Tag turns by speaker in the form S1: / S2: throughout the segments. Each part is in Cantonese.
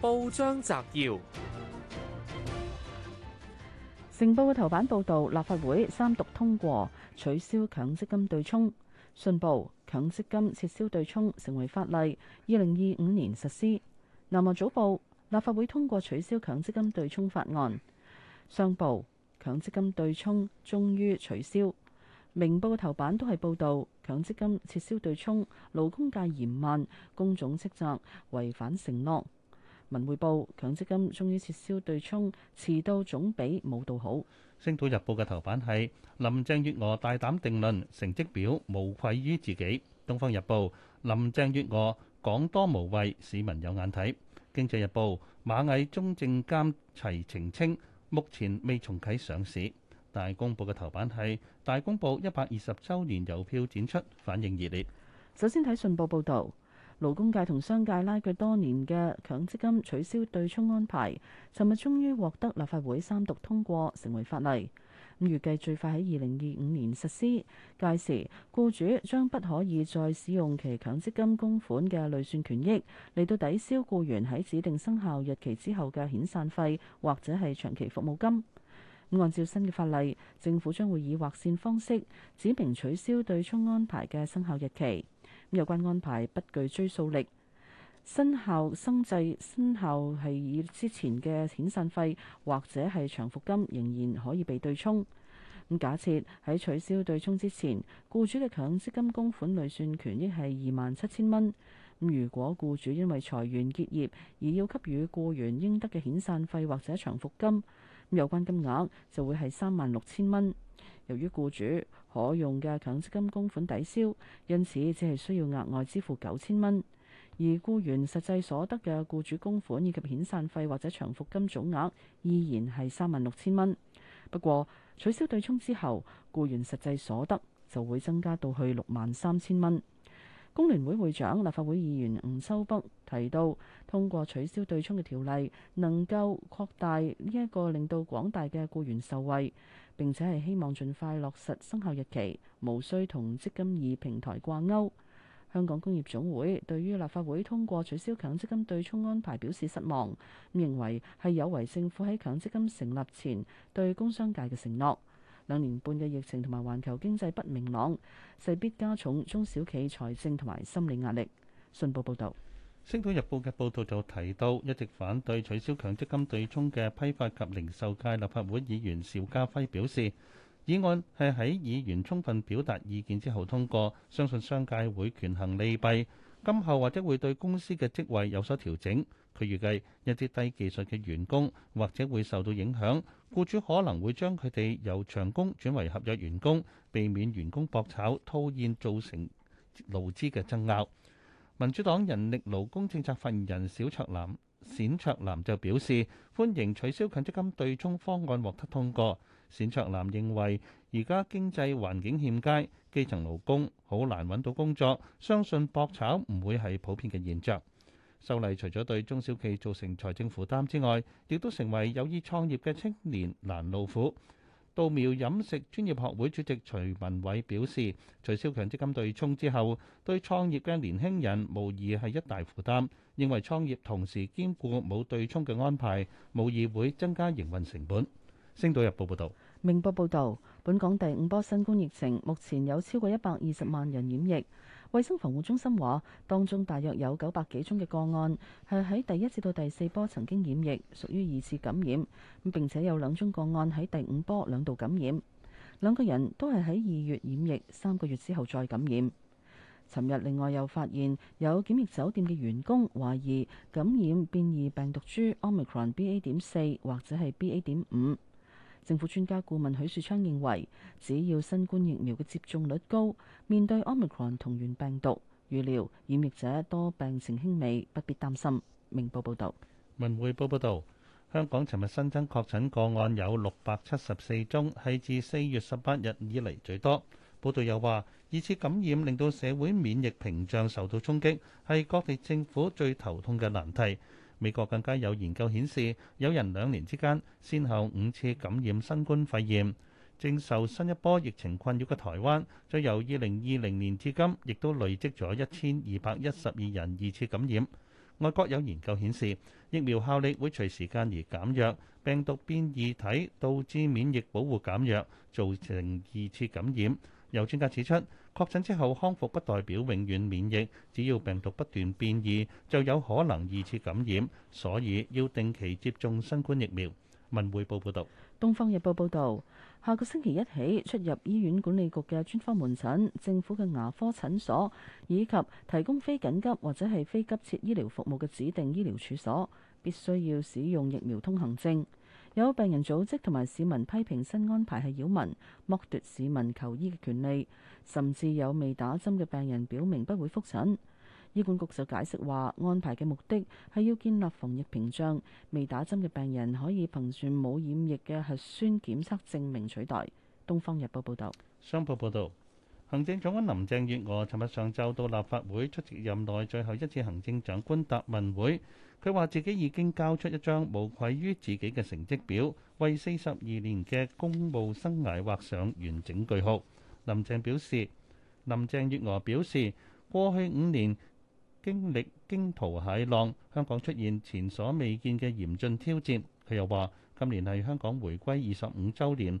S1: 報章摘要：成報嘅頭版報道，立法會三讀通過取消強積金對沖。信報強積金撤銷對沖成為法例，二零二五年實施。南華早報立法會通過取消強積金對沖法案。商報強積金對沖終於取消。明報嘅頭版都係報道強積金撤銷對沖，勞工界嫌慢，工種斥責違反承諾。文匯報：強積金終於撤銷對沖，遲到總比冇到好。
S2: 星島日報嘅頭版係林鄭月娥大膽定論，成績表無愧於自己。東方日報：林鄭月娥講多無謂，市民有眼睇。經濟日報：螞蟻中證監齊澄清，目前未重啟上市。大公報嘅頭版係大公報一百二十周年郵票展出，反應熱烈。首
S1: 先睇信報報道。勞工界同商界拉鋸多年嘅強積金取消對沖安排，尋日終於獲得立法會三讀通過，成為法例。咁預計最快喺二零二五年實施。屆時，雇主將不可以再使用其強積金供款嘅累算權益嚟到抵消雇員喺指定生效日期之後嘅遣散費或者係長期服務金。按照新嘅法例，政府將會以劃線方式指明取消對沖安排嘅生效日期。有關安排不具追溯力，新效生制新效係以之前嘅遣散費或者係長服金仍然可以被對沖。咁假設喺取消對沖之前，雇主嘅強積金供款累算權益係二萬七千蚊。咁如果雇主因為裁員結業而要給予雇員應得嘅遣散費或者長服金，有關金額就會係三萬六千蚊。由於僱主可用嘅強積金供款抵消，因此只係需要額外支付九千蚊，而僱員實際所得嘅僱主供款以及遣散費或者長服金總額依然係三萬六千蚊。不過取消對沖之後，僱員實際所得就會增加到去六萬三千蚊。工聯會會長、立法會議員吳秋北提到，通過取消對沖嘅條例，能夠擴大呢一個令到廣大嘅雇員受惠，並且係希望盡快落實生效日期，無需同積金易平台掛鈎。香港工業總會對於立法會通過取消強積金對沖安排表示失望，認為係有違政府喺強積金成立前對工商界嘅承諾。兩年半嘅疫情同埋環球經濟不明朗，勢必加重中小企財政同埋心理壓力。信報報導，
S2: 《星島日報》嘅報導就提到，一直反對取消強積金對沖嘅批發及零售界立法會議員邵家輝表示，議案係喺議員充分表達意見之後通過，相信商界會權衡利弊，今後或者會對公司嘅職位有所調整。佢預計一啲低技術嘅員工或者會受到影響。雇主可能會將佢哋由長工轉為合約員工，避免員工搏炒、套現造成勞資嘅爭拗。民主黨人力勞工政策發言人冼卓南，冼卓南就表示，歡迎取消強積金對沖方案獲得通過。冼卓南認為，而家經濟環境欠佳，基層勞工好難揾到工作，相信搏炒唔會係普遍嘅現象。修例除咗對中小企造成財政負擔之外，亦都成為有意創業嘅青年攔路虎。稻苗飲食專業學會主席徐文偉表示，取消強積金對沖之後，對創業嘅年輕人無疑係一大負擔。認為創業同時兼顧冇對沖嘅安排，無疑會增加營運成本。星島日報報導，
S1: 明報報導，本港第五波新冠疫情目前有超過一百二十萬人染疫。衛生防護中心話，當中大約有九百幾宗嘅個案係喺第一至到第四波曾經染疫，屬於二次感染咁，並且有兩宗個案喺第五波兩度感染，兩個人都係喺二月染疫，三個月之後再感染。尋日另外又發現有檢疫酒店嘅員工懷疑感染變異病毒株 Omicron B A 點四或者係 B A 點五。政府專家顧問許樹昌認為，只要新冠疫苗嘅接種率高，面對 Omicron 同源病毒，預料染疫者多病情輕微，不必擔心。明報報導，
S2: 文匯報報導，香港尋日新增確診個案有六百七十四宗，係自四月十八日以嚟最多。報道又話，二次感染令到社會免疫屏障受到衝擊，係各地政府最頭痛嘅難題。美國更加有研究顯示，有人兩年之間，先後五次感染新冠肺炎。正受新一波疫情困擾嘅台灣，再由二零二零年至今，亦都累積咗一千二百一十二人二次感染。外國有研究顯示，疫苗效力會隨時間而減弱，病毒變異體導致免疫保護減弱，造成二次感染。有專家指出：確診之後康復不代表永遠免疫，只要病毒不斷變異，就有可能二次感染，所以要定期接種新冠疫苗。文匯報報道，
S1: 《東方日報》報道，下個星期一起出入醫院管理局嘅專科門診、政府嘅牙科診所以及提供非緊急或者係非急切醫療服務嘅指定醫療處所，必須要使用疫苗通行證。有病人組織同埋市民批評新安排係擾民，剝奪市民求醫嘅權利，甚至有未打針嘅病人表明不會覆診。醫管局就解釋話，安排嘅目的係要建立防疫屏障，未打針嘅病人可以憑住冇染疫嘅核酸檢測證證明取代。《東方日報》報道，
S2: 《商報》報道。行政長官林鄭月娥尋日上晝到立法會出席任內最後一次行政長官答問會，佢話自己已經交出一張無愧於自己嘅成績表，為四十二年嘅公務生涯畫上完整句號。林鄭表示，林鄭月娥表示過去五年經歷驚濤駭浪，香港出現前所未見嘅嚴峻挑戰。佢又話，今年係香港回歸二十五週年。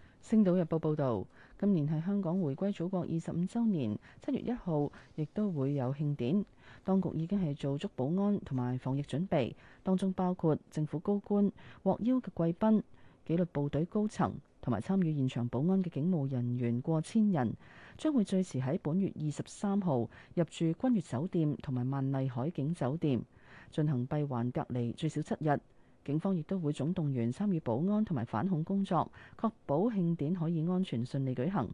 S1: 《星島日報》報導，今年係香港回歸祖國二十五週年，七月一號亦都會有慶典。當局已經係做足保安同埋防疫準備，當中包括政府高官、獲邀嘅貴賓、紀律部隊高層同埋參與現場保安嘅警務人員過千人，將會最遲喺本月二十三號入住君悦酒店同埋萬麗海景酒店，進行閉環隔離最少七日。警方亦都會總動員參與保安同埋反恐工作，確保慶典可以安全順利舉行。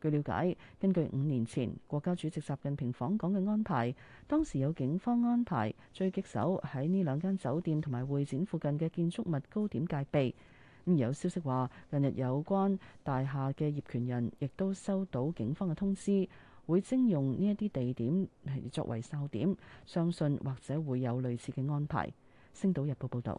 S1: 據了解，根據五年前國家主席習近平訪港嘅安排，當時有警方安排狙擊手喺呢兩間酒店同埋會展附近嘅建築物高點戒備。咁、嗯、有消息話，近日有關大廈嘅業權人亦都收到警方嘅通知，會徵用呢一啲地點嚟作為哨點。相信或者會有類似嘅安排。《星島日報》報導。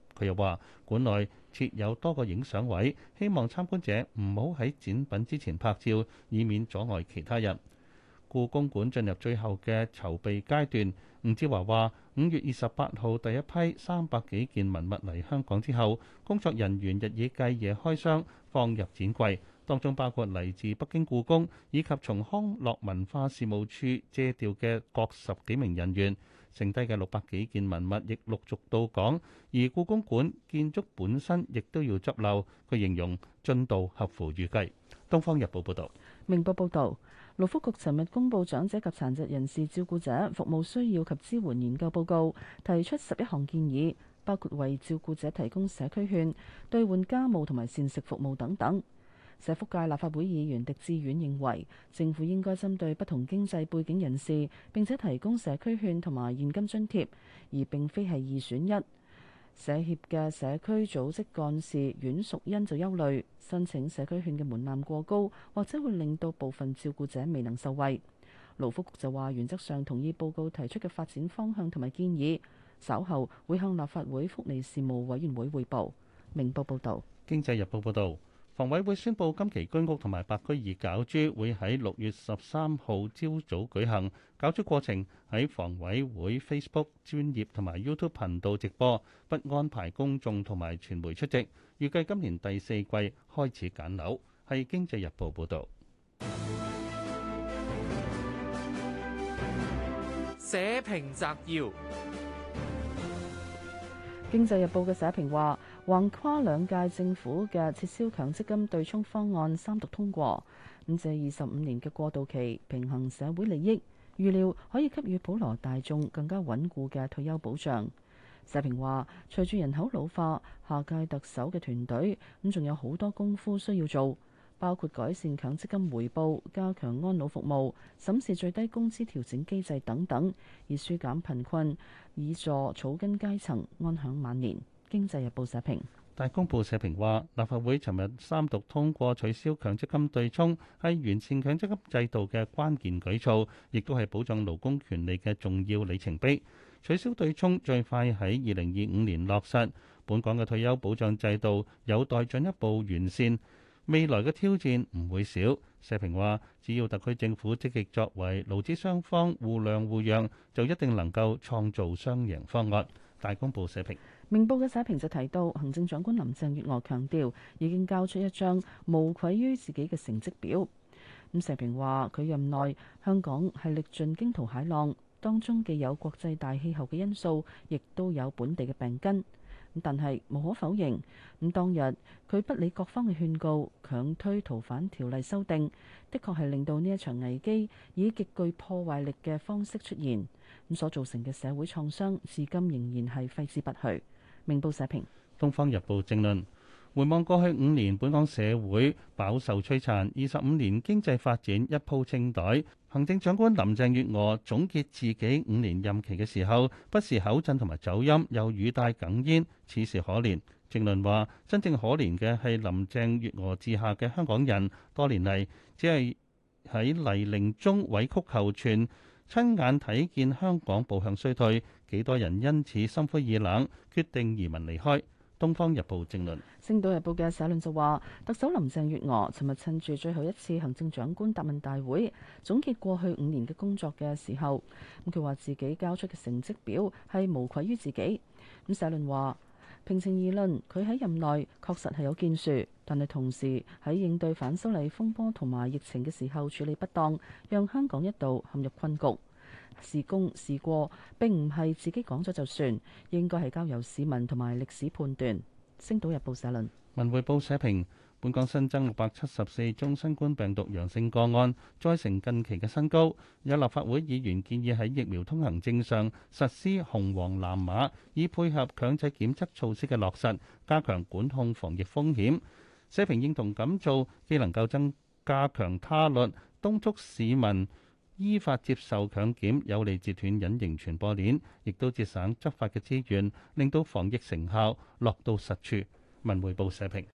S2: 佢又話：館內設有多個影相位，希望參觀者唔好喺展品之前拍照，以免阻礙其他人。故宮館進入最後嘅籌備階段。吳志華話：五月二十八號第一批三百幾件文物嚟香港之後，工作人員日以繼夜開箱放入展櫃，當中包括嚟自北京故宮以及從康樂文化事務處借調嘅各十幾名人員。剩低嘅六百幾件文物亦陸續到港，而故宮館建築本身亦都要執漏。佢形容進度合乎預計。《東方日報》報道，
S1: 《明報》報道，勞福局尋日公佈長者及殘疾人士照顧者服務需要及支援研究報告，提出十一項建議，包括為照顧者提供社區券、兌換家務同埋膳食服務等等。社福界立法會議員狄志遠認為，政府應該針對不同經濟背景人士，並且提供社區券同埋現金津貼，而並非係二選一。社協嘅社區組織幹事阮淑欣就憂慮，申請社區券嘅門檻過高，或者會令到部分照顧者未能受惠。勞福局就話，原則上同意報告提出嘅發展方向同埋建議，稍後會向立法會福利事務委員會匯報。明報報道。
S2: 《經濟日報》報道。房委會宣布，今期居屋同埋白居二攪珠會喺六月十三號朝早舉行。攪珠過程喺房委會 Facebook 專業同埋 YouTube 頻道直播，不安排公眾同埋傳媒出席。預計今年第四季開始揀樓。係《經濟日報》報道。社評摘要，
S1: 《經濟日報》嘅社評話。橫跨兩屆政府嘅撤銷強積金對沖方案三讀通過，咁借二十五年嘅過渡期平衡社會利益，預料可以給予普羅大眾更加穩固嘅退休保障。社評話，隨住人口老化，下屆特首嘅團隊咁仲有好多功夫需要做，包括改善強積金回報、加強安老服務、審視最低工資調整機制等等，以舒減貧困，以助草根階層安享晚年。《經濟日報》社評，
S2: 《大公報》社評話，立法會尋日三讀通過取消強積金對沖，係完善強積金制度嘅關鍵舉措，亦都係保障勞工權利嘅重要里程碑。取消對沖最快喺二零二五年落實。本港嘅退休保障制度有待進一步完善，未來嘅挑戰唔會少。社評話，只要特區政府積極作為，勞資雙方互諒互讓，就一定能夠創造雙贏方案。《大公報》社評。
S1: 明報嘅社評就提到，行政長官林鄭月娥強調已經交出一張無愧於自己嘅成績表。咁社評話佢任內香港係歷盡驚濤駭浪，當中既有國際大氣候嘅因素，亦都有本地嘅病根。但係無可否認，咁、嗯、當日佢不理各方嘅勸告，強推逃犯條例修訂，的確係令到呢一場危機以極具破壞力嘅方式出現。咁所造成嘅社會創傷，至今仍然係揮之不去。明報社
S2: 評，《東方日報》正論：回望過去五年，本港社會飽受摧殘；二十五年經濟發展一鋪清袋。行政長官林鄭月娥總結自己五年任期嘅時候，不時口震同埋走音，又語帶哽咽，此時可憐。正論話：真正可憐嘅係林鄭月娥治下嘅香港人，多年嚟只係喺泥濘中委曲求全，親眼睇見香港步向衰退。幾多人因此心灰意冷，決定移民離開？《東方日報》正論，
S1: 《星島日報》嘅社論就話：特首林鄭月娥尋日趁住最後一次行政長官答問大會，總結過去五年嘅工作嘅時候，咁佢話自己交出嘅成績表係無愧於自己。咁社論話：平情而論，佢喺任內確實係有建樹，但係同時喺應對反修例風波同埋疫情嘅時候處理不當，讓香港一度陷入困局。是功是過並唔係自己講咗就算，應該係交由市民同埋歷史判斷。星島日報社論。
S2: 文匯報社評：本港新增674宗新冠病毒陽性個案，再成近期嘅新高。有立法會議員建議喺疫苗通行證上實施紅黃藍碼，以配合強制檢測措施嘅落實，加強管控防疫風險。社評認同咁做，既能夠增加強他律，敦促市民，依法接受強檢，有利截斷隱形傳播鏈，亦都節省執法嘅資源，令到防疫成效落到實處。文匯報社評。